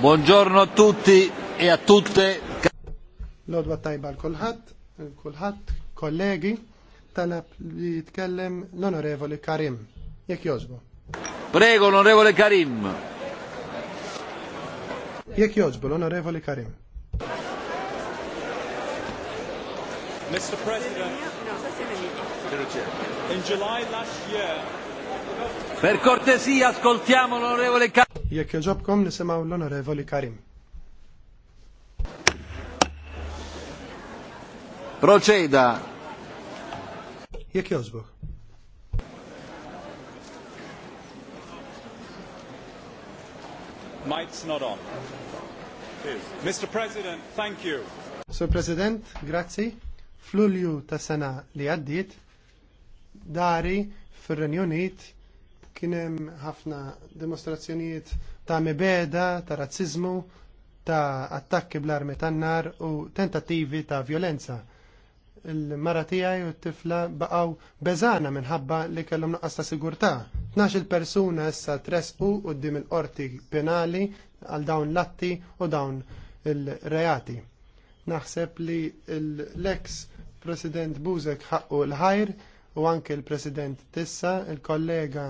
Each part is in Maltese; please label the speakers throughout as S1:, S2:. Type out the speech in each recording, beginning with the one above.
S1: Buongiorno a tutti e a tutte. Lodwa tajba l-kulħat, l-kulħat, kollegi, talab li jitkellem l-onorevoli Karim. Jek jozbu. Prego, l-onorevole Karim. Jek jozbu, l-onorevoli Karim. Mr. President, in July last year, Per cortesia, ascoltiamo l'onorevole Karim. Jekk joġobkom nisimgħu l-onorevoli Karim. Proceda. Jekk jożbok. Mike's not on. Mr. President, thank you. Sir President, grazie. F'Lulju tas sena li għaddiet, dari fir-Renju Unit kien hemm ħafna dimostrazzjonijiet ta' mibeda, ta' razziżmu, ta' attakki bl-armi tan-nar u tentattivi ta' violenza. Il-mara tiegħi u t-tifla baqgħu beżana minħabba li kellhom nuqqas ta' sigurtà. il persuna issa tresqu quddiem il-qorti penali għal dawn latti u dawn il-reati. Naħseb li l-ex President Buzek ħaqqu l-ħajr u anke l-President tissa, il-kollega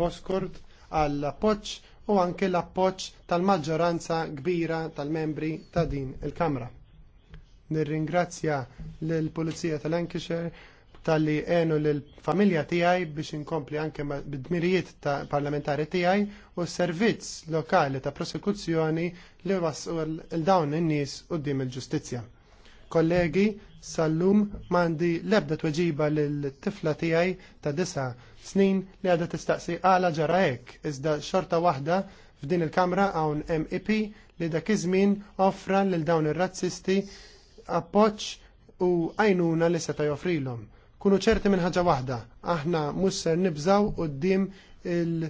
S1: Boskurt għall appoġġ u anke l appoġġ tal-maġġoranza kbira tal-membri ta' din il-Kamra. Nirringrazzja l-Pulizija tal-Lancashire tal-li għenu l-familja tijaj biex inkompli anke bid-dmirijiet ta' parlamentari tijaj u servizz lokali ta' prosekuzzjoni li wasqu l-dawn in-nies u il-ġustizja. Kollegi, sal-lum mandi lebda tweġiba lill tifla tiegħi ta' disa snin li għadha tistaqsi għala ġara hekk, iżda xorta waħda f'din il-kamra hawn MEP li dak iż-żmien offra lil dawn ir-razzisti appoġġ u għajnuna li seta' joffrilhom. Kunu ċerti minn ħaġa waħda, aħna musser nibżaw qudiem il-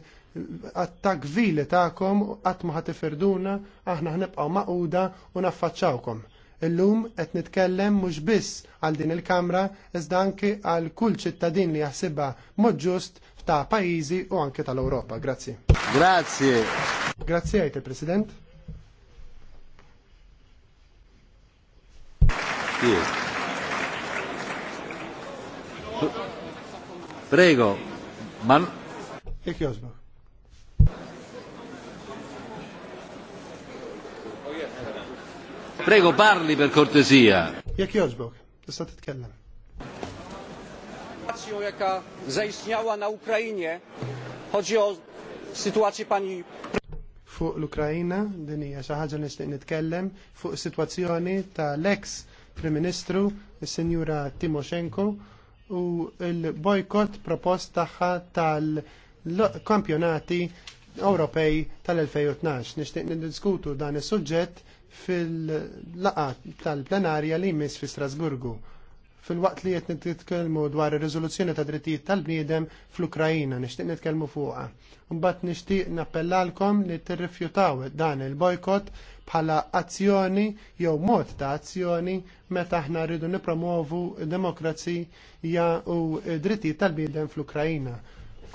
S1: attak vili ta'kom, għatmu ħat ifirduna, aħna ħnibqaw maquda u naffaċċawkom. Illum qed nitkellem mhux biss għal din il-Kamra iżda anke għal kull ċittadin li jaħsibha mod ġust ta' pajjiżi u anke tal-Ewropa. Grazzi. Grazzi. Grazzi għajt il-President. Prego. Man. Ik jozba. Prego parli per kortesija. Jek joġbok, tista titkellem. jaka zaistniała na Ukrainie, chodzi o sytuację pani fuq l-Ukrajina, din hija xi ħaġa nixtieq nitkellem fuq is-sitwazzjoni tal-ex Prim Ministru, is-Sinjura Timoshenko, u l-bojkott propost tagħha tal-kampjonati Ewropej tal-2012. Nixtieq niddiskutu dan is-suġġett fil-laqa tal-plenarja li jmiss fi Strasburgu fil-waqt li qed nitkellmu dwar ir-riżoluzzjoni ta' drittijiet tal-bniedem fl-Ukrajina, nixtieq nitkellmu fuqha. Mbagħad nixtieq nappellalkom li tirrifjutaw dan il-bojkot bħala azzjoni jew mod ta' azzjoni meta aħna rridu nipromovu demokrazija u drittijiet tal-bniedem fl-Ukrajina.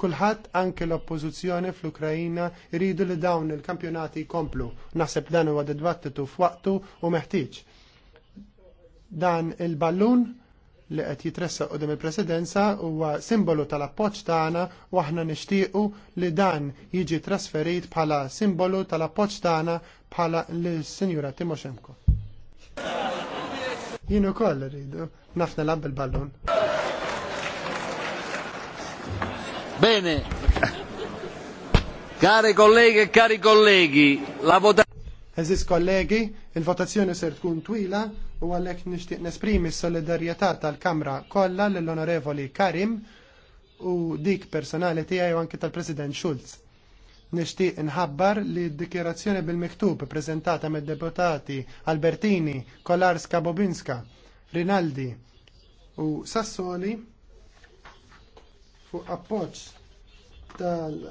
S1: Kulħadd anke l-oppożizzjoni fl-Ukrajina jridu li dawn il-kampjonati jkomplu. Naħseb dan huwa dibattitu f'waqtu u meħtieġ. Dan il-ballun li qed jitressaq qudiem il-Presidenza huwa simbolu tal-appoġġ tagħna u aħna nixtiequ li dan jiġi trasferit bħala simbolu tal-appoġġ tagħna bħala lis-Sinjura Timoshenko. Jien ukoll rridu nafna lab il-ballun. Bene. Cari colleghi e cari colleghi, la votazione. Eżis kollegi, il-votazzjoni ser tkun twila u għalek nishtiq nesprimi s-solidarjetà tal-Kamra kollha lill-Onorevoli Karim u dik personali tiegħi u anki tal-President Schulz. Nishtiq nħabbar li d-dikjerazzjoni bil-miktub prezentata mid-deputati Albertini, Kolarska Bobinska, Rinaldi u Sassoli fuq appoġġ tal